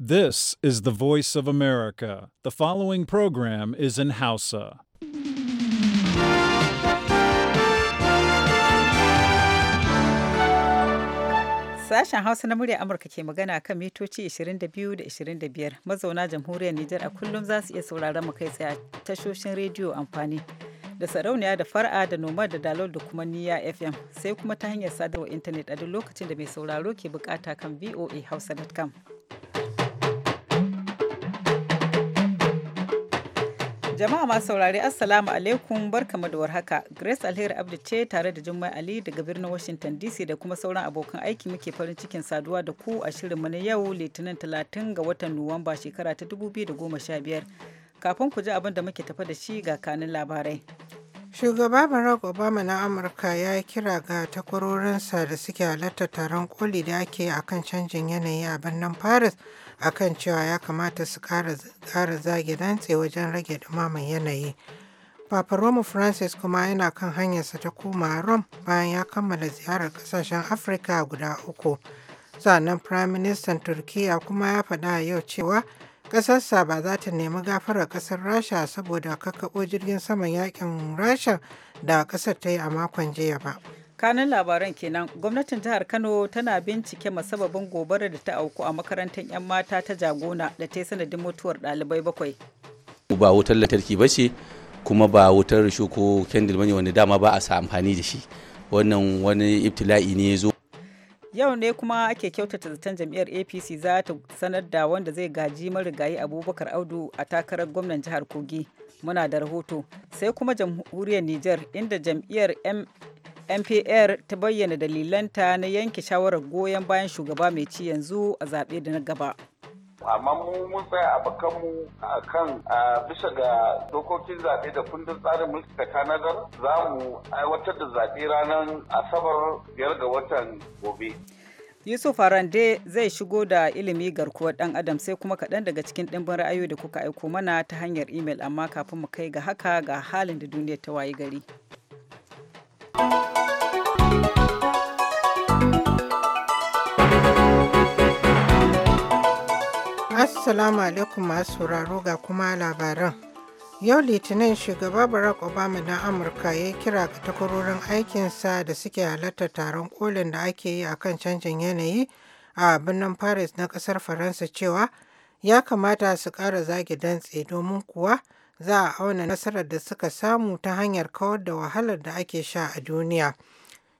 This is the voice of America. The following program is in Hausa. Sashen Hausa na murya Amurka ke magana kan mitoci 22 da 25 mazauna jamhuriyar Nijar a kullum za su iya sauraron mu kai tsaye tashoshin rediyo amfani da sarauniya da far'a da noma da dalol da kuma niya FM sai kuma ta hanyar sadarwa intanet a duk lokacin da mai sauraro ke bukata kan voahausa.com. Jama'a masu saurare Assalamu alaikum barkamu da warhaka. Grace Alheri Abdu ce tare da Jummai Ali daga birnin Washington DC da kuma sauran abokan aiki muke farin cikin saduwa da ku a shirinmu na yau Litinin 30 ga watan Nuwamba shekara ta 2015. Kafin ku ji abin da muke tafa da shi ga kanin labarai. Shugaba Barack Obama na Amurka ya yi kira ga takwarorinsa da suke halartar taron koli da ake a kan canjin yanayi a birnin Paris akan cewa ya kamata su kara zage dantse wajen rage dumaman yanayi. Papa Roma Francis kuma yana kan hanyarsa ta koma Rome bayan ya kammala ziyarar kasashen Afirka guda uku. Sannan Firaministan Turkiyya kuma ya faɗa yau cewa kasarsa ba za ta nemi gafarar kasar rasha saboda kakkaɓo jirgin saman yakin rasha da kasar ta yi a makon jiya ba kanun labaran kenan gwamnatin jihar kano tana bincike masababin gobarar da ta auku a makarantar 'yan mata ta jagona da ta yi sanadin mutuwar ɗalibai bakwai ba wutar lantarki ba ce kuma ba wutar rushe ko bane wanda dama ba a sa amfani da shi wannan wani ibtila'i ne ya zo yau ne kuma ake kyautata zaton jam'iyyar apc za ta sanar da wanda zai gaji marigayi abubakar audu a takarar gwamnan jihar kogi muna da rahoto sai kuma jamhuriyar niger inda jam'iyyar mpr ta bayyana dalilanta na yanke shawarar goyon bayan shugaba mai ci yanzu a zaɓe da na gaba amma mu mun tsaya a akan a bisa ga dokokin zaɓe da kundin tsarin mulki ta tanadar za mu aiwatar da zaɓe ranar asabar biyar ga watan gobe. Yusuf Arande zai shigo da ilimi garkuwar ɗan Adam sai kuma kaɗan daga cikin ɗimbin ra'ayoyi da kuka aiko mana ta hanyar imel amma kafin mu kai ga haka ga halin da duniyar ta wayi gari. Assalamu alaikum masu sauraro ga kuma labaran. Yau Litinin shugaba Barack Obama na Amurka ya kira ga takwarorin aikinsa da suke halartar taron kolin da ake yi a kan canjin yanayi a birnin Paris na kasar Faransa cewa ya kamata su ƙara zage dantse domin kuwa za a auna nasarar da suka samu ta hanyar kawar da wahalar da ake sha a duniya.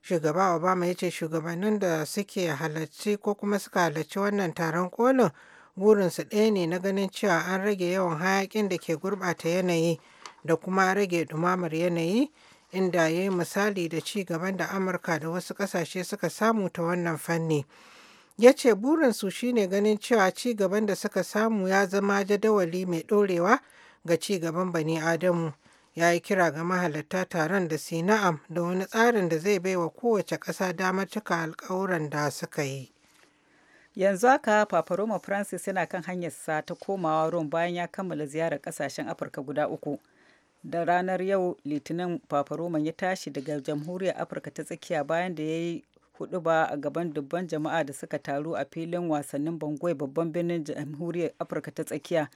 Shugaba Obama ya ce shugabannin da suke halarci ko kuma suka halarci wannan taron kolin burinsu ɗaya ne na ganin cewa an rage yawan hayakin da ke gurɓata yanayi da kuma rage ɗumamar yanayi inda ya yi misali da ci gaban da amurka da wasu ƙasashe suka samu ta wannan fanni ya ce burinsu shine ganin cewa ci gaban da suka samu ya zama jadawali mai ɗorewa ga ci gaban bani adamu ya yi kira ga mahalarta taron da Sina'am da wani tsarin da zai baiwa kowace ƙasa damar cika alƙawuran da suka yi yanzu haka paparoma francis yana kan hanyarsa ta komawa rom bayan ya kammala ziyarar kasashen afirka guda uku da ranar yau litinin fafaroma ya tashi daga jamhuriyar afirka ta tsakiya bayan da ya yi ba a gaban dubban jama'a da suka taru a filin wasannin bangoi babban birnin jamhuriyar afirka ta tsakiya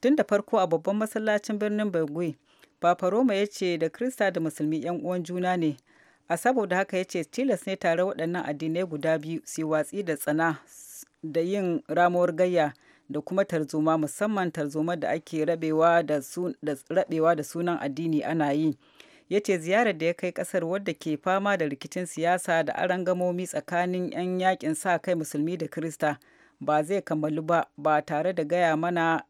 tun da farko a babban masallacin birnin bangoi paparoma ya ce da krista da musulmi 'yan uwan juna ne a saboda haka ya ce tilas ne tare waɗannan addinai guda biyu su watsi da tsana da yin ramuwar gayya da kuma tarzoma musamman tarzoma da ake rabewa da, da sunan addini ana yi ya ce ziyarar da ya kai kasar wadda ke fama da rikicin siyasa da arangamomi tsakanin 'yan yakin sa kai musulmi da krista ba zai kammalu ba ba tare da gaya mana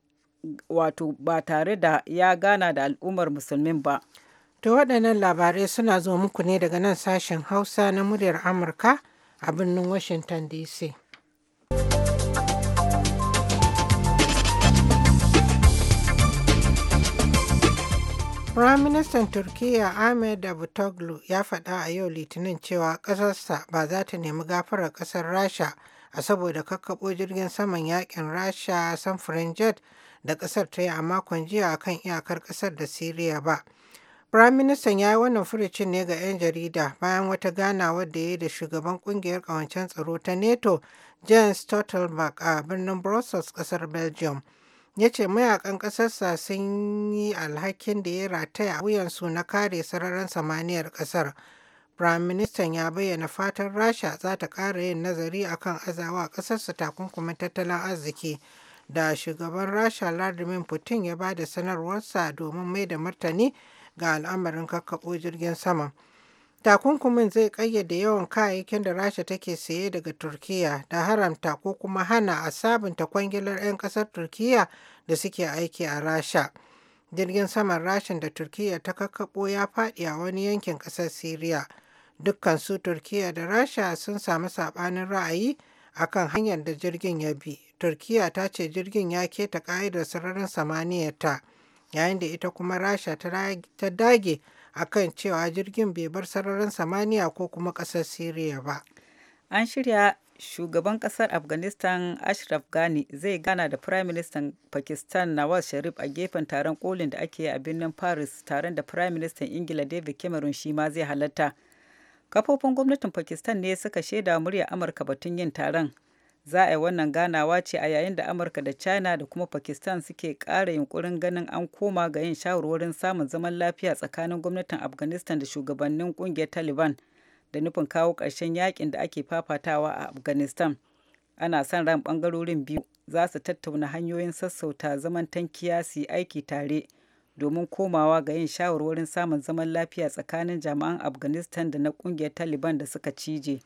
wato ba tare da ya gana da al'ummar musulmin ba To waɗannan labarai suna zo muku ne daga nan sashen Hausa na muryar Amurka a birnin Washington DC. Firaministan Turkiyya Ahmed Davutoglu ya faɗa a yau Litinin cewa ƙasarsa ba za ta nemi gafarar ƙasar Rasha a saboda kakkaɓo jirgin saman yakin Rasha samfurin jet da ƙasar ta yi a makon jiya a kan iyakar ƙasar da Siriya ba. Firaministan ya yi wannan furucin ne ga 'yan jarida bayan wata ganawar da ya yi da shugaban kungiyar ƙawancen tsaro ta NATO, Jens Stoltenberg a birnin Brussels, ƙasar Belgium. Ya ce mayakan ƙasarsa sun yi alhakin da ya rataya a wuyansu na kare sararin samaniyar ƙasar. Firaministan ya bayyana fatan Rasha za ta ƙara yin nazari akan azawa ƙasarsa takunkumin tattalin arziki. da shugaban rasha vladimir putin ya ba da sanarwarsa domin mai da martani ga al'amarin kakkaɓo jirgin saman. Takunkumin zai ƙayyade yawan kayayyakin da Rasha take saye daga Turkiyya da haramta ko kuma hana a sabunta kwangilar 'yan ƙasar Turkiyya da suke aiki a Rasha. Jirgin saman Rashin da Turkiyya ta kakkaɓo ya faɗi a wani yankin ƙasar Siriya. Dukkan su Turkiyya da Rasha sun samu saɓanin ra'ayi akan hanyar da jirgin ya bi. Turkiyya ta ce jirgin ya keta ƙa'idar sararin samaniyarta. ta. yayin da ita kuma rasha ta dage akan cewa jirgin bai bar sararin samaniya ko kuma kasar syria ba an shirya shugaban kasar afghanistan ashraf ghani zai gana da prime minister pakistan nawaz sharif a gefen taron kolin da ake a birnin paris taron da prime minister ingila david cameron shi ma zai halatta kafofin gwamnatin pakistan ne suka shaida murya amurka batun yin taron za a yi wannan ganawa ce a yayin da amurka da china da kuma pakistan suke ƙara yunkurin ganin an koma ga yin shawarwarin samun zaman lafiya tsakanin gwamnatin afghanistan da shugabannin kungiyar taliban da nufin kawo karshen yakin da ake fafatawa a afghanistan ana son ran bangarorin biyu za su tattauna hanyoyin sassauta zaman tankiya su yi aiki tare domin komawa ga yin shawarwarin samun zaman lafiya tsakanin jami'an afghanistan da na kungiyar taliban da suka cije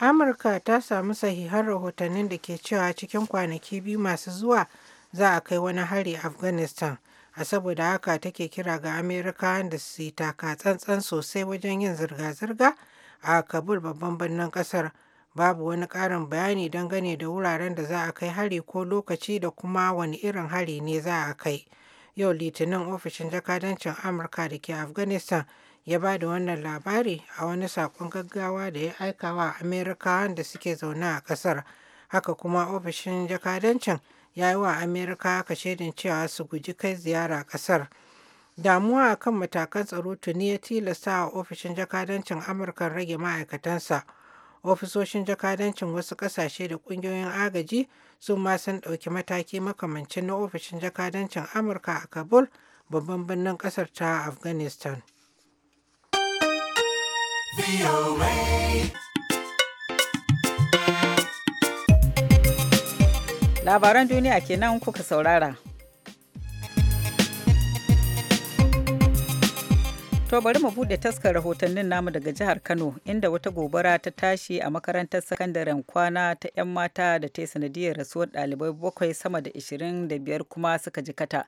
amurka ta samu sahihan rahotannin da ke cewa cikin kwanaki biyu masu zuwa za a kai wani hari afghanistan a saboda haka take kira ga amerika da su yi taka tsantsan sosai wajen yin zirga-zirga a kabul babban birnin kasar babu wani ƙarin bayani dangane da wuraren da za a kai hari ko lokaci da kuma wani irin hari ne za a kai yau litinin ofishin jakadancin amurka da ke afghanistan ya ba da wannan labari a wani sakon gaggawa da ya aikawa a amerikawan da suke zaune a ƙasar haka kuma ofishin jakadancin ya yi wa amerika shaidin cewa su guji kai ziyara ƙasar damuwa a kan matakan tsaro tuni ya tilasta wa ofishin jakadancin amurka rage ma'aikatansa ofisoshin jakadancin wasu ƙasashe da ƙungiyoyin agaji su ma sun ɗauki mataki makamancin na ofishin jakadancin amurka a kabul babban birnin ƙasar ta afghanistan Labaran duniya kenan kuka saurara. To bari mu bude taskar rahotannin namu daga jihar Kano inda wata gobara ta tashi a makarantar sakandaren kwana ta 'yan mata da ta yi sanadiyar rasuwar ɗalibai bakwai sama da 25 kuma suka jikata.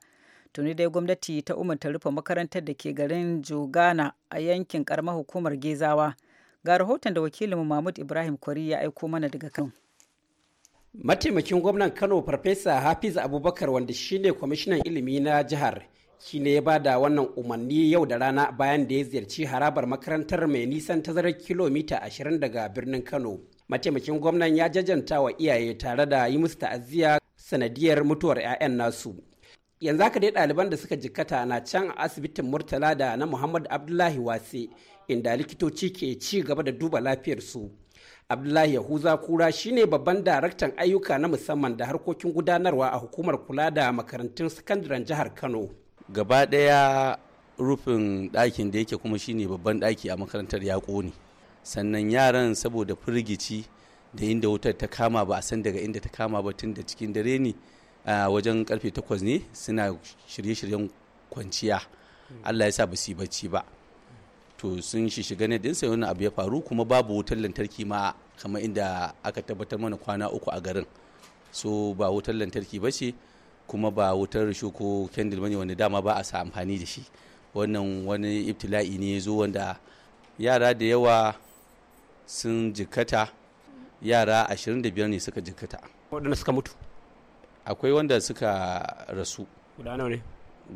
tuni dai gwamnati ta umarta rufe makarantar da ke garin jogana a yankin karamar hukumar gezawa ga rahoton da wakilinmu mahmud ibrahim kwari ya aiko mana daga kan mataimakin gwamnan kano farfesa hafiz abubakar wanda shine kwamishinan ilimi na jihar shine ya bada wannan umarni yau da rana bayan da ya ziyarci harabar makarantar mai nisan tazarar kilomita ashirin daga birnin kano mataimakin gwamnan ya jajanta wa iyaye tare da yi musu ta'aziyya sanadiyar mutuwar 'ya'yan nasu yanzu haka dai ɗaliban da suka jikkata na can a asibitin murtala da na muhammad abdullahi wase inda likitoci ke ci gaba da duba lafiyarsu abdullahi yahuza kura shine babban daraktan ayyuka na musamman da harkokin gudanarwa a hukumar kula da makarantun sakandaren jihar kano gaba ɗaya rufin ɗakin da yake kuma shine babban ɗaki a makarantar ya ƙone sannan yaran saboda firgici da inda wutar ta kama ba a san daga inda ta kama ba tun da cikin dare ne wajen karfe takwas ne suna shirye-shiryen kwanciya allah ya sa ba su bacci ba to sun shiga ne dinsa wani abu ya faru kuma babu wutar lantarki ma kamar inda aka tabbatar mana kwana uku a garin so ba wutar lantarki ba ce kuma ba wutar risho ko kendil bane wanda dama ba a sa amfani da shi wannan wani ibtila'i ne zo wanda yara da yawa sun jikata yara 25 ne suka jikata waɗanda suka mutu akwai wanda suka rasu guda ne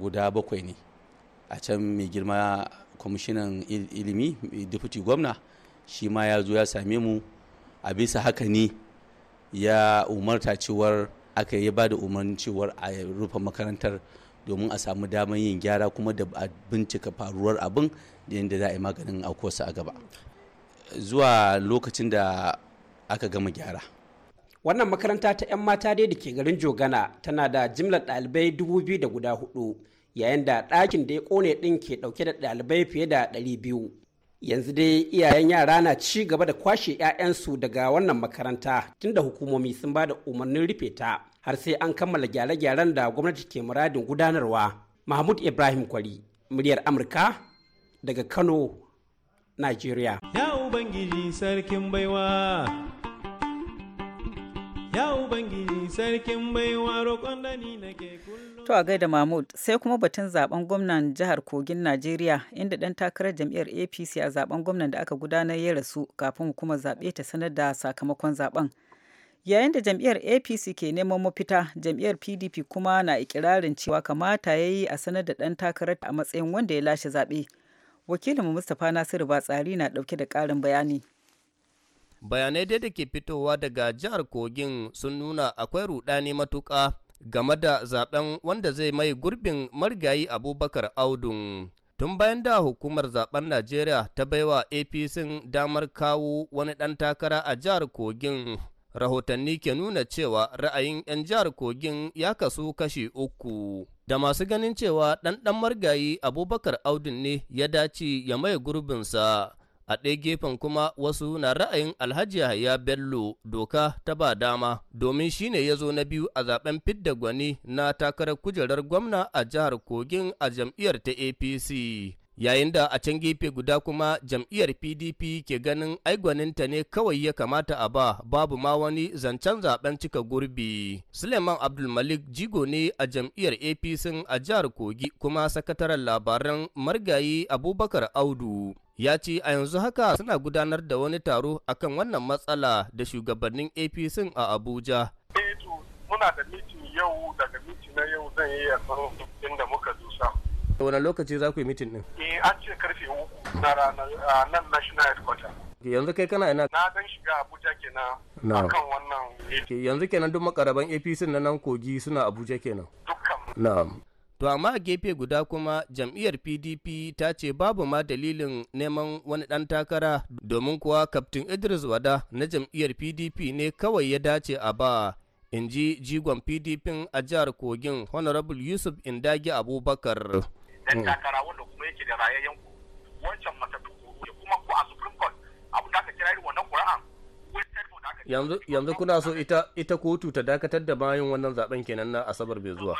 guda bakwai ne a can mai girma kwamishinan ilimi deputy gwamna shi ma ya zo ya same mu a bisa haka ne ya umarta cewar aka yi ba da umarnin cewar a rufe makarantar domin a samu damar yin gyara kuma da bincika faruwar abin da yadda za a yi maganin aukuwarsa a gaba zuwa lokacin da aka gama gyara wannan makaranta ta 'yan mata dai da ke garin jogana tana da jimlar ɗalibai dubu biyu da guda hudu yayin da ɗakin da ya kone ɗin ke ɗauke da ɗalibai fiye da ɗari biyu yanzu dai iyayen yara na ci gaba da kwashe 'ya'yansu daga wannan makaranta tunda hukumomi sun ba da umarnin rufe ta har sai an kammala gyare-gyaren da gwamnati ke muradin gudanarwa mahmud ibrahim kwari muryar amurka daga kano nigeria ya ubangiji sarkin baiwa Ya Ubangiji sarkin baiwa roƙon kullum. To a gaida Mahmud sai kuma batun zaben gwamnan jihar Kogin Najeriya inda ɗan takarar jam'iyyar APC a zaben gwamnan da aka gudanar ya rasu kafin hukumar zaɓe ta sanar da sakamakon zaben. Yayin da jam'iyyar APC ke neman mafita, jam'iyyar PDP kuma na ikirarin cewa kamata ya yi a sanar da ɗan takarar a matsayin wanda ya lashe zaɓe. Wakilinmu Mustapha Nasiru Batsari na ɗauke da ƙarin bayani. bayanai dai da ke fitowa daga jihar kogin sun nuna akwai rudani matuƙa game da zaben wanda zai mai gurbin marigayi abubakar audun tun bayan da hukumar zaben najeriya ta baiwa apc damar kawo wani ɗan takara a jihar kogin rahotanni ke nuna cewa ra'ayin 'yan jihar kogin ya kasu kashi uku da masu ganin cewa ɗanɗan marigayi abubakar audun ne ya dace ya mai gurbinsa a ɗaya gefen kuma wasu na ra'ayin alhaji yahaya bello doka ta ba dama domin shine ya zo na biyu a zaben fidda gwani na takarar kujerar gwamna a jihar kogin a jam'iyyar ta apc yayin da a can gefe guda kuma jam'iyyar pdp ke ganin gwaninta ne kawai ya kamata a ba babu ma wani zancen zaben cika gurbi suleiman abdulmalik jigo ne a jam'iyyar apc a jihar kogi kuma sakataren labaran margayi abubakar audu ya ce a yanzu haka suna gudanar da wani taro akan wannan matsala da shugabannin apc a abuja eh muna da mitin yau daga mitin na yau zan yi yasan inda muka dusa wani lokaci za ku yi mitin din eh an ce karfe uku na ranar nan national headquarter yanzu kai kana ina na dan shiga abuja kenan akan wannan yanzu kenan duk makaraban apc na nan kogi suna abuja kenan dukkan na'am To amma a gefe guda kuma jam'iyyar PDP ta ce babu ma dalilin neman wani ɗan takara domin kuwa Kaftin Idris Wada na jam'iyyar PDP ne kawai ya dace a ba in ji jigon PDP a jihar Kogin Honorable Yusuf Indagi Abubakar. Ɗan takara wanda kuma yake da rayayyen wancan matattu kuma ku a Supreme Court abu da aka kira wannan yanzu kuna so ita kotu ta dakatar da bayan wannan zaben kenan na asabar bai zuwa.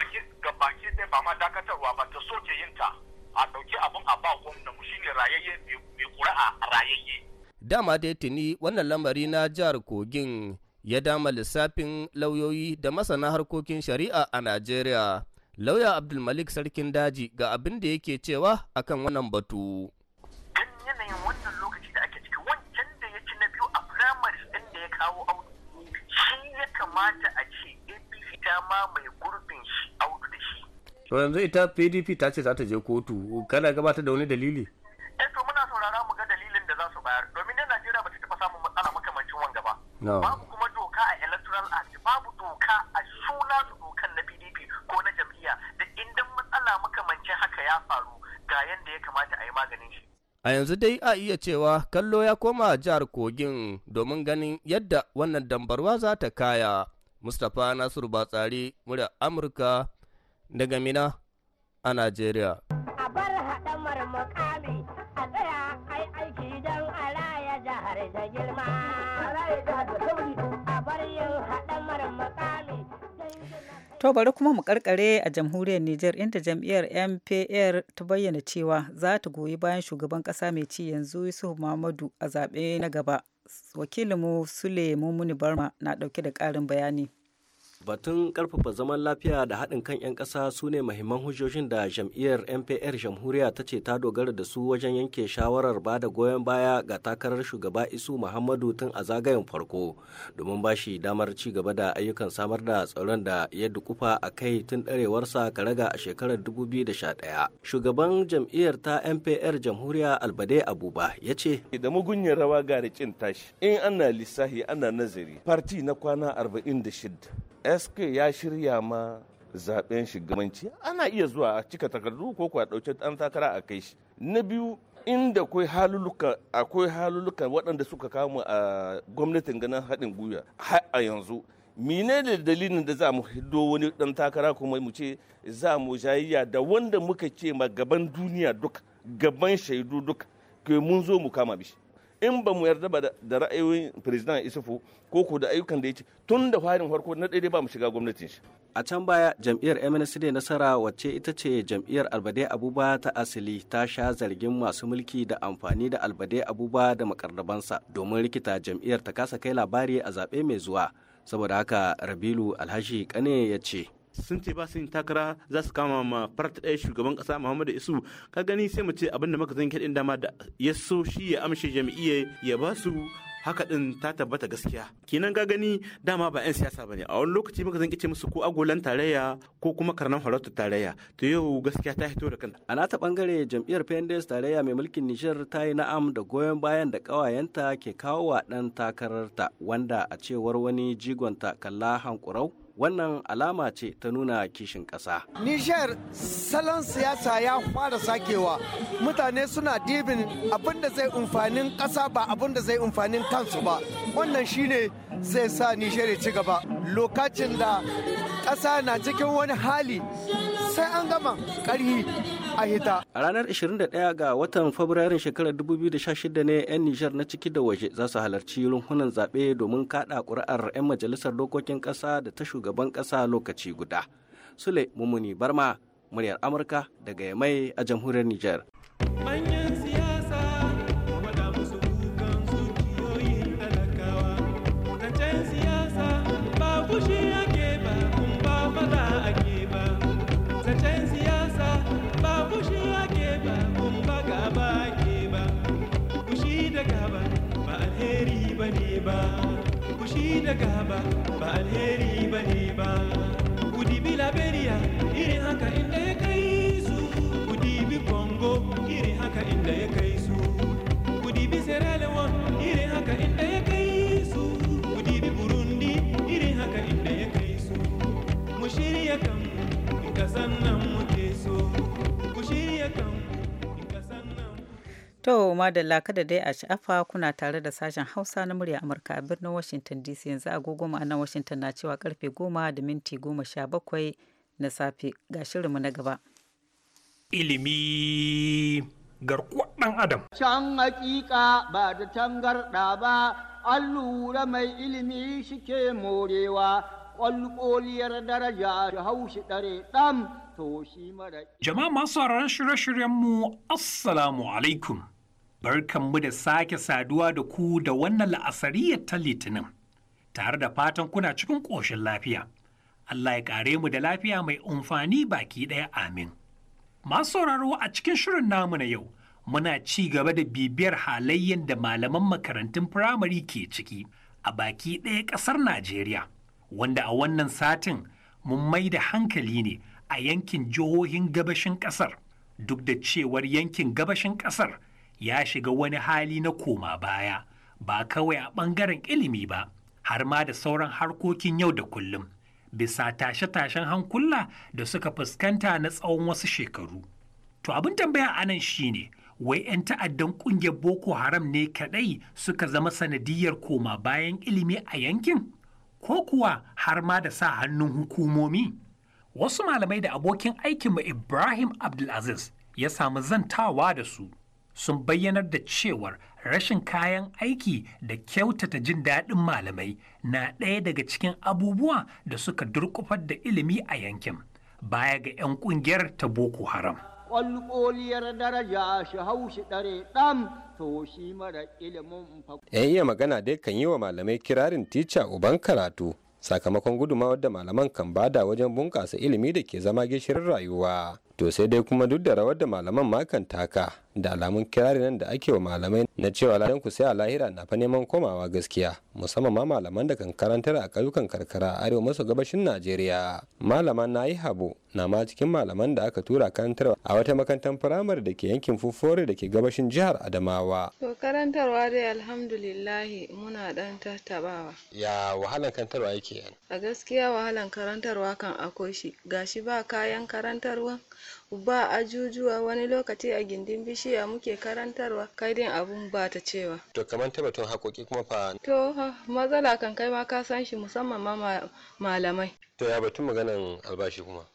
Fama dakatarwa ba ta soke yin ta a dauki abin a ba gwamnati mu shine rayayye mai ƙuri'a rayayye. Dama dai tuni wannan lamari na jihar Kogin ya dama lissafin lauyoyi da masana harkokin shari'a a Najeriya. Lauya Abdulmalik Sarkin Daji ga abin da yake cewa akan wannan batu. Dan yanayin wannan lokaci da ake ciki wancan da ya ci na biyu a firamare ɗin da ya kawo abu shi ya kamata a ce APC ta mamaye to yanzu ita pdp ta ce za ta je kotu kana gabatar da wani dalili eh to muna saurara mu ga dalilin da za su bayar domin ne najeriya ba ta taɓa samun matsala makamancin wanga ba babu kuma doka a electoral act babu doka a suna su dokan na pdp ko na jam'iyya da indan matsala makamancin haka ya faru ga yadda ya kamata a yi maganin shi A yanzu dai a iya cewa kallo ya koma jihar Kogin domin ganin yadda wannan dambarwa za ta kaya. Mustapha Nasiru Batsari, murya Amurka daga Mina a Najeriya. A bar haɗamar mukami a tsaya ai aiki don a jihar da girma. A bar yin haɗamar mukami. To bari kuma mu karkare a jamhuriyar Nijar inda jam'iyyar MPR ta bayyana cewa za ta goyi bayan shugaban ƙasa mai ci yanzu Yusuf Muhammadu a zaɓe na gaba. Wakilinmu Sule Mumuni Barma na ɗauke da ƙarin bayani. batun karfafa zaman lafiya da haɗin kan 'yan ƙasa su ne mahimman hujjojin da jam'iyyar mpr jamhuriya ta ce ta dogara da su wajen yanke shawarar ba da goyon baya ga takarar shugaba isu muhammadu tun a zagayen farko domin ba shi damar ci gaba da ayyukan samar da tsaron da ya dukufa a kai tun ɗarewarsa karaga a shekarar 2011 shugaban jam'iyyar ta mpr jamhuriya albade abuba ya ce da mugunyar rawa gari cin tashi in ana lissahi ana nazari parti na kwana 46 sk ya shirya ma zaben shugabanci ana iya zuwa a cika takardu ko kuwa dauke ɗan takara a kai shi na biyu inda akwai haluluka akwai haluluka waɗanda suka kama a gwamnatin ganin haɗin gwiwa har a yanzu mine da dalilin da za mu hiddo wani ɗan takara kuma mu ce za mu jayayya da wanda muka ce ma gaban duniya duk gaban shaidu duk ke mun zo mu kama bishi in ba mu yarda ba da ra'ayoyin firizidan isufu ko ko da ayyukan da ya ce tun da farin farko na daidai ba mu shiga gwamnatin shi a can baya jam'iyyar MNC nasara wacce ita ce jam'iyyar albade abuba ta asali ta sha zargin masu mulki da amfani da albade abuba da makarrabansa domin rikita jam'iyyar ta kasa kai labari a zaɓe mai zuwa saboda haka rabilu alhashi kane ya ce sun ce ba su takara za su kama ma farta ɗaya shugaban ƙasa muhammadu isu ka gani sai mu ce abin da muka zanke ɗin dama da ya so shi ya amshe jam'iyyar ya ba su haka ɗin ta tabbata gaskiya kenan ka gani dama ba 'yan siyasa bane a wani lokaci muka zan ce musu ko agolan tarayya ko kuma karnan halartar tarayya to yau gaskiya ta hito da kanta a nata bangare jam'iyyar pendes tarayya mai mulkin nijar ta yi na'am da goyon bayan da kawayenta ke kawo wa ɗan takararta wanda a cewar wani jigonta kalla hankurau wannan alama ce ta nuna kishin ƙasa. Nijar salon siyasa ya fara sakewa mutane suna dibin abin da zai amfanin ƙasa ba abin da zai amfanin kansu ba wannan shine zai sa Nijar ya ci gaba lokacin da ƙasa na cikin wani hali sai an gama ƙarhi a A ranar 21 ga watan Fabrairun shekarar 2016 ne 'yan Nijar na ciki da waje za su halarci runhunan zaɓe domin kaɗa ƙuri'ar 'yan majalisar dokokin ƙasa da ta shugaban ƙasa lokaci guda. Sule Mumuni Barma, muryar Amurka daga Yamai a jamhuriyar Nijar. ba ku shi da gaba ba alheri ba ba ku dibi liberia irin haka inda ya kai su ku dibi congo irin haka inda ya kai su ku dibi sierra leone haka inda ya kai su ku dibi burundi irin haka inda ya kai su mu shirya kanmu in kasan muke so ku shirya To madalla kada dai a sha'afa kuna tare da sashen Hausa na murya Amurka a birnin Washington DC yanzu agogo ma'anar Washington na cewa karfe goma da minti goma sha bakwai na safe ga shirinmu na gaba. Ilimi garkuwar ɗan Adam. Can hakika ba da tangarɗa ba, an lura mai ilimi shike morewa, ƙwalƙoliyar daraja da haushi ɗare ɗan to shi mara. Jama'a masu shirye-shiryenmu, Assalamu alaikum. barkan mu da sake saduwa da ku da wannan la'asariyar ta litinin, tare da fatan kuna cikin ƙoshin lafiya. Allah ya ƙare mu da lafiya mai umfani baki ɗaya amin. Masu sauraro a cikin shirin namu na yau, muna ci gaba da bibiyar halayen da malaman makarantun firamare ke ciki a baki ɗaya ƙasar Najeriya, wanda a wannan satin mun mai da hankali ne a yankin jihohin gabashin ƙasar, duk da cewar yankin gabashin ƙasar. ya shiga wani hali na koma baya ba kawai a ɓangaren ilimi ba har ma da sauran harkokin yau da kullum bisa tashe-tashen hankula da suka fuskanta na tsawon wasu shekaru. To abin tambaya anan shine wai 'yan ta'addan ƙungiyar Boko Haram ne kaɗai suka zama sanadiyar koma bayan ilimi a yankin? Ko kuwa har ma da sa hannun hukumomi? Wasu malamai da abokin aikinmu Ibrahim Abdulaziz ya samu zantawa da su. sun bayyanar da cewar rashin kayan aiki da kyautata jin daɗin malamai na ɗaya daga cikin abubuwa da suka durƙufar da ilimi a yankin baya ga 'yan ƙungiyar ta boko haram ƙwalƙoliyar daraja shi hau ɗare ɗan to shi mara ilimin yan iya magana dai kan yi wa malamai kirarin tica uban karatu sakamakon gudumawar da malaman kan bada wajen bunƙasa ilimi da ke zama gishirin rayuwa to sai dai kuma duk da rawar da malaman ma kan taka da alamun kirari nan da ake wa malamai na cewa ladan ku sai a lahira na fa neman komawa gaskiya musamman ma malaman da kan karantar a ƙauyukan karkara a arewa maso gabashin najeriya Malaman na yi habo na ma cikin malaman da aka tura karantarwa a wata makarantar firamare da ke yankin fufore da ke gabashin jihar adamawa to karantarwa dai alhamdulillahi muna dan tattabawa ya wahalan karantarwa yake a gaskiya wahalan karantarwa kan akwai shi gashi ba kayan karantarwa ba ajujuwa wani lokaci a gindin bishiya muke karantarwa kai din abun ba ta cewa to kamar tabbatun batun haƙoƙi kuma fa to matsala kan kai ma ka san shi musamman ma malamai to ya batun maganan albashi kuma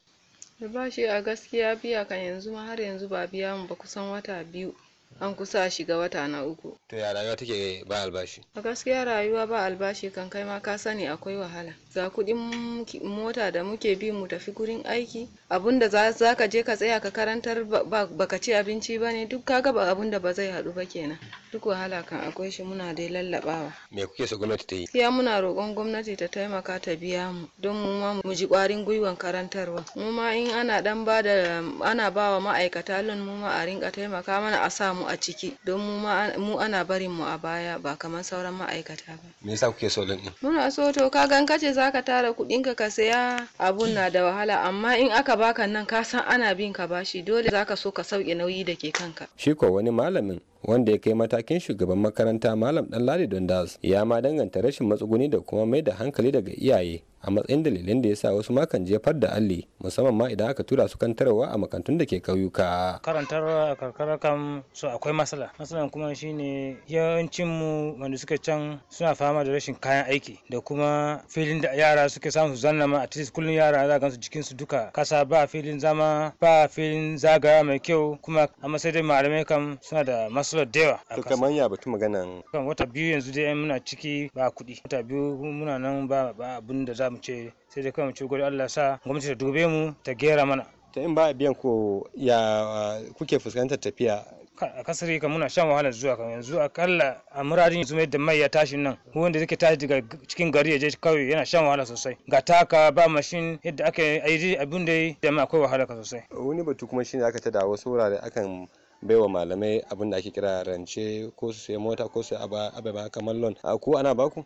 albashi a gaskiya biya kan yanzu ma har yanzu ba biya mu ba kusan wata biyu an kusa shiga wata na uku. To ya rayuwa take ba albashi? A gaskiya rayuwa ba albashi kan kai ma ka sani akwai wahala. ga kuɗin mota da muke bi mu tafi gurin aiki abinda za ka je ka tsaya ka karantar baka ci abinci ba ne duk kaga ba abinda ba zai haɗu ba kenan duk wahala kan akwai shi muna dai lallabawa me kuke so gwamnati ta yi gaskiya muna roƙon gwamnati ta taimaka ta biya mu don mu ma mu ji ƙwarin gwiwan karantarwa mu ma in ana dan ba da ana ba wa ma'aikata lon mu ma a rinka taimaka mana a sa mu a ciki don mu ma mu ana barin mu a baya ba kamar sauran ma'aikata ba me yasa kuke so lon muna so to kaga in kace za ka tara kuɗin ka saya abun na da wahala amma in aka baka nan ka san ana bin ka bashi dole za ka so ka sauke nauyi da ke kanka shi ko wani malamin wanda ya kai matakin shugaban makaranta malam dan ladi das ya ma danganta rashin matsuguni da kuma mai da hankali daga iyaye a matsayin dalilin da ya sa wasu makan jefar da alli musamman ma idan aka tura su kan tarawa a makantun da ke kauyuka karantar a karkara kam su akwai matsala matsalan kuma shine yawancin mu wanda suke can suna fama da rashin kayan aiki da kuma filin da yara suke samu su zanna ma a titis kullun yara za gansu jikin su duka kasa ba filin zama ba filin zagaya mai kyau kuma amma sai dai malamai kam suna da matsala consular da yawa to kamar ya batu maganan kan wata biyu yanzu dai muna ciki ba kuɗi wata biyu muna nan ba abin da za mu ce sai dai kawai mu ce gwada Allah sa gwamnati ta dube mu ta gera mana ta in ba biyan ko ya kuke fuskantar tafiya a kasar kan muna shan wahalar zuwa kan yanzu akalla a muradin yanzu da mai ya tashi nan wanda zai tashi daga cikin gari ya je kawai yana shan wahala sosai ga taka ba mashin yadda aka yi abin da ya akwai wahala sosai wani batu kuma shine aka ta wasu wurare akan baiwa malamai abin da ake kira rance ko su sayi mota ko su ba kamar loan a ku ana baku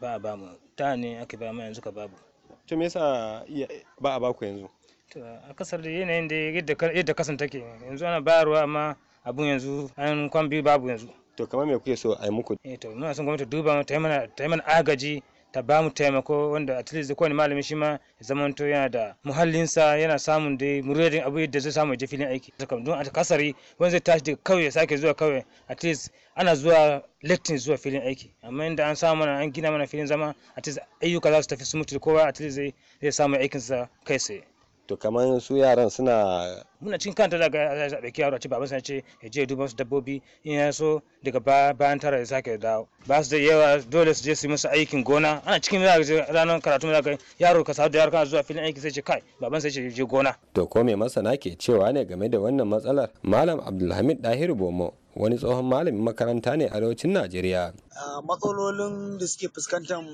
ba ba mu ta ne ake ba mu yanzu ka babu to me yasa ba a baku yanzu to a kasar da yanayin da yadda kasan take yanzu ana bayarwa amma abun yanzu an kwambi babu yanzu to kamar me kuke so a yi muku eh to muna son gwamnati duba ta yi mana agaji ta ba mu taimako wanda at least kowane malami shi ma ya zamanto yana da muhallinsa yana samun da muradin abu da zai samu je filin aiki saka don a kasari wani zai tashi daga kauye sake zuwa kauye at least ana zuwa lectin zuwa filin aiki amma inda an samu mana an gina mana filin zama at least ayyuka za su tafi su mutu kowa at least zai samu aikinsa kai tsaye to kamar su yaran suna muna cikin kanta daga ga ɗauki yaro a ci babansa ce ya je duba su dabbobi in ya so daga bayan tara ya sake dawo ba su da yawa dole su je su yi musu aikin gona ana cikin ranar karatu da yaro ka sadu da yaro zuwa filin aiki sai ce kai baban sai ce je gona to ko mai masana ke cewa ne game da wannan matsalar malam abdulhamid dahir bomo wani tsohon malamin makaranta ne a arewacin najeriya matsalolin da suke fuskantar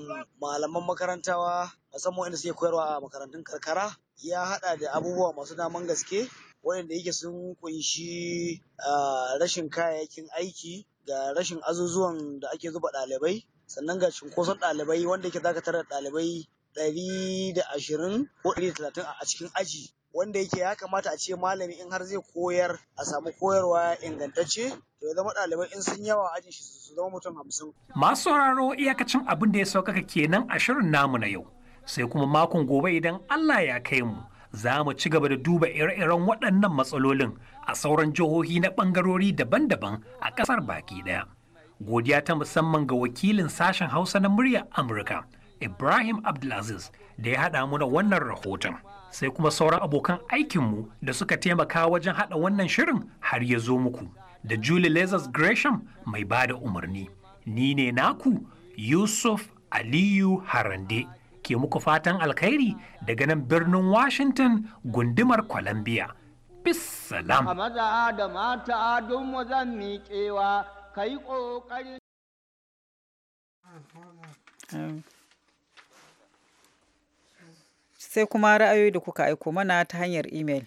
malaman makarantawa musamman wanda suke koyarwa a makarantun karkara ya hada da abubuwa masu daman gaske waɗanda yake sun kunshi rashin kayayyakin aiki ga rashin azuzuwan da ake zuba ɗalibai sannan ga cunkoson ɗalibai wanda yake zaka da ɗalibai ɗari da ashirin ko ɗari da talatin a cikin aji wanda yake ya kamata a ce malami in har zai koyar a samu koyarwa ingantacce to ya zama ɗalibai in sun yawa ajin shi su zama mutum hamsin. Masu sauraro iyakacin abin da ya saukaka kenan a shirin namu na yau sai kuma makon gobe idan Allah ya kai mu za mu ci gaba da duba ire-iren waɗannan matsalolin a sauran jihohi na ɓangarori daban-daban a ƙasar baki ɗaya. Godiya ta musamman ga wakilin sashen Hausa na muryar Amurka, Ibrahim Abdulaziz, da ya haɗa muna wannan rahoton. sai kuma sauran abokan aikinmu da suka taimaka wajen haɗa wannan shirin har ya zo muku da Julie Lazarus Gresham mai ba da umarni. Ni ne naku Yusuf Aliyu Harande ke muku fatan alkhairi daga nan birnin Washington gundumar Columbia. Bissalam. A maza da mata don zan miƙewa, ka yi ƙoƙari. sai kuma ra'ayoyi da kuka aiko mana ta hanyar imel.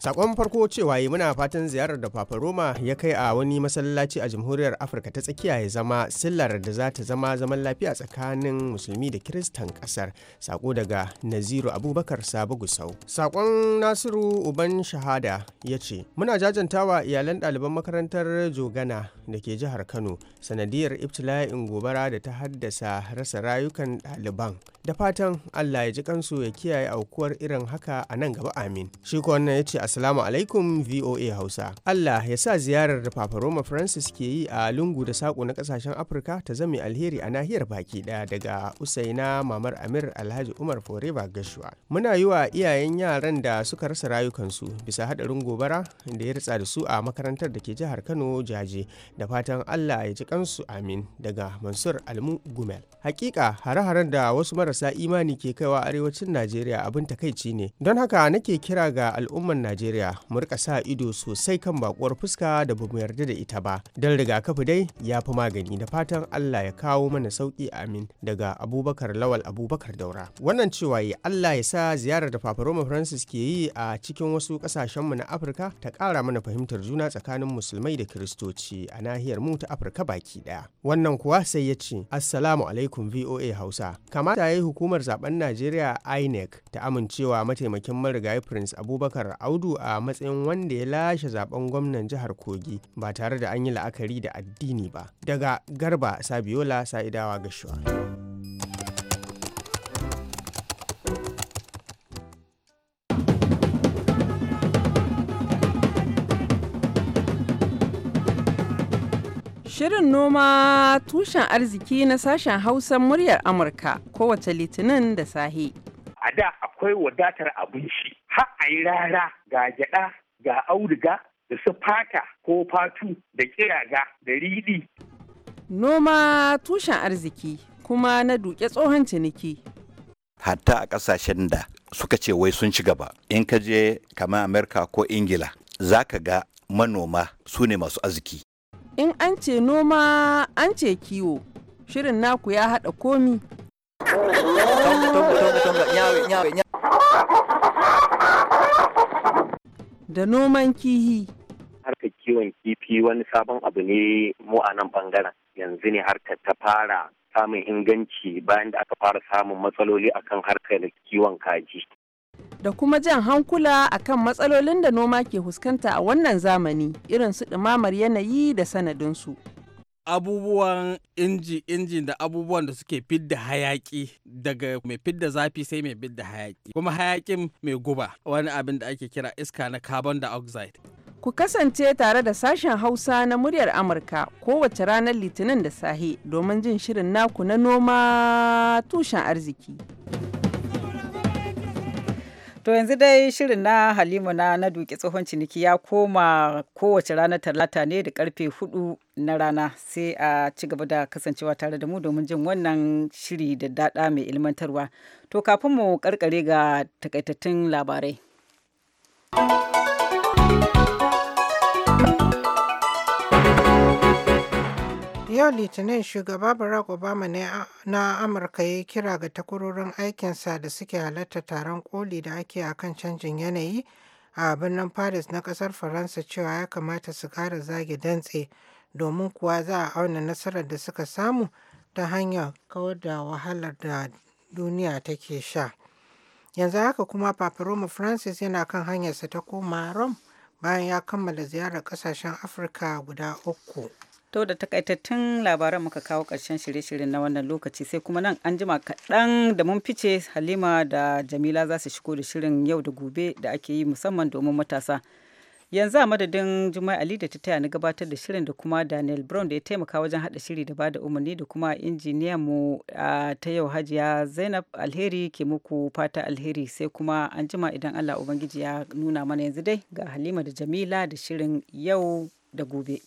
sakon farko cewa muna fatan ziyarar da papa roma ya kai a wani masallaci a jamhuriyar afirka ta tsakiya ya zama sillar da za ta zama zaman lafiya tsakanin musulmi da kiristan kasar sako daga naziru abubakar Sabu gusau sakon nasiru uban shahada ya ce muna jajantawa iyalan ɗaliban makarantar jogana da ke jihar kano sanadiyar ibtila'in gobara da ta haddasa rasa rayukan ɗaliban da fatan allah ya ji kansu ya kiyaye aukuwar irin haka a nan gaba amin shi wannan ya ce a Assalamu alaikum VOA Hausa. Allah ya sa ziyarar da Papa Roma Francis ke yi a lungu da saƙo na ƙasashen Afirka ta zame alheri a nahiyar baki ɗaya daga Usaina Mamar Amir Alhaji Umar Foreba Gashua. Muna yi wa iyayen yaran da suka rasa rayukansu bisa haɗarin gobara da ya ritsa da su a makarantar da ke jihar Kano jaje da fatan Allah ya ji kansu amin daga Mansur Almu Gumel. Hakika hare-haren da wasu marasa imani ke kaiwa arewacin Najeriya abin takaici ne. Don haka nake kira ga al'ummar Najeriya Najeriya mu rika sa ido sosai kan bakuwar fuska da bamu yarda da ita ba don rigakafi dai ya fi magani da fatan Allah ya kawo mana sauki amin daga Abubakar Lawal Abubakar Daura wannan cewa ya Allah ya sa ziyarar da Papa Roma Francis ke yi a cikin wasu kasashen mu na Afirka ta kara mana fahimtar juna tsakanin musulmai da kiristoci a nahiyar mu ta Afirka baki daya. wannan kuwa sai ya ce Assalamu alaikum VOA Hausa kamata ya yi hukumar zaben Najeriya INEC ta amincewa mataimakin marigayi Prince Abubakar Audu a matsayin wanda ya lashe zaben gwamnan jihar Kogi ba tare da an yi la'akari da addini ba. Daga Garba Sabiola Sa'idawa Gashuwa. Shirin noma tushen arziki na sashen Hausan muryar Amurka kowace litinin da sahi. A da akwai wadatar abinci har a yi rara ga gyaɗa ga auduga da su fata ko fatu da ƙiraga da riɗi. Noma tushen arziki kuma na duke tsohon ciniki. Hatta a ƙasashen da suka ce wai sun ci gaba, in ka je kamar Amerika ko Ingila, za ka ga manoma su ne masu arziki. In an ce noma an ce kiwo, shirin naku ya haɗa komi. da noman kihi. Harkar kiwon kifi wani sabon abu ne mu a nan bangaren yanzu ne harkar ta fara samun inganci bayan da aka fara samun matsaloli akan harkar kiwon kaji. Da kuma jan hankula akan matsalolin da noma ke fuskanta a wannan zamani irin su ɗumamar yanayi da sanadinsu. abubuwan inji injin da abubuwan da suke fidda hayaki daga mai fidda zafi sai mai fidda hayaki kuma hayakin mai guba wani abin da ake kira iska na carbon dioxide Ku kasance tare da sashen Hausa na muryar Amurka kowace ranar Litinin da sahi domin jin shirin naku na noma tushen arziki. To yanzu dai shirin na Halima na na duki tsohon ciniki ya koma kowace rana talata ne da karfe hudu na rana sai a ci gaba da kasancewa tare da mu domin jin wannan shiri da dada mai ilmantarwa. To kafin mu karkare ga takaitattun labarai. Yau Litinin shugaba Barack Obama na Amurka ya yi kira ga takwarorin aikinsa da suke halarta taron koli da ake a kan canjin yanayi a birnin Paris na kasar Faransa cewa ya kamata su kara zage dantse domin kuwa za a auna nasarar da suka samu ta hanyar kawar da wahalar da duniya take sha. Yanzu haka kuma Papa Francis yana kan hanyarsa ta koma rom bayan ya kammala ziyarar kasashen Afirka guda uku. To da takaitattun labaran muka kawo ƙarshen shirye-shiryen na wannan lokaci sai kuma nan an jima kaɗan da mun fice Halima da Jamila za su shigo da shirin yau da gobe da ake yi musamman domin matasa. Yanzu a madadin Juma'a Ali da ta taya na gabatar da shirin da kuma Daniel Brown da ya taimaka wajen haɗa shiri da bada umarni da kuma injiniyan mu ta yau Hajiya Zainab Alheri ke muku fata alheri sai kuma an jima idan Allah Ubangiji ya nuna mana yanzu dai ga Halima da Jamila da shirin yau da gobe.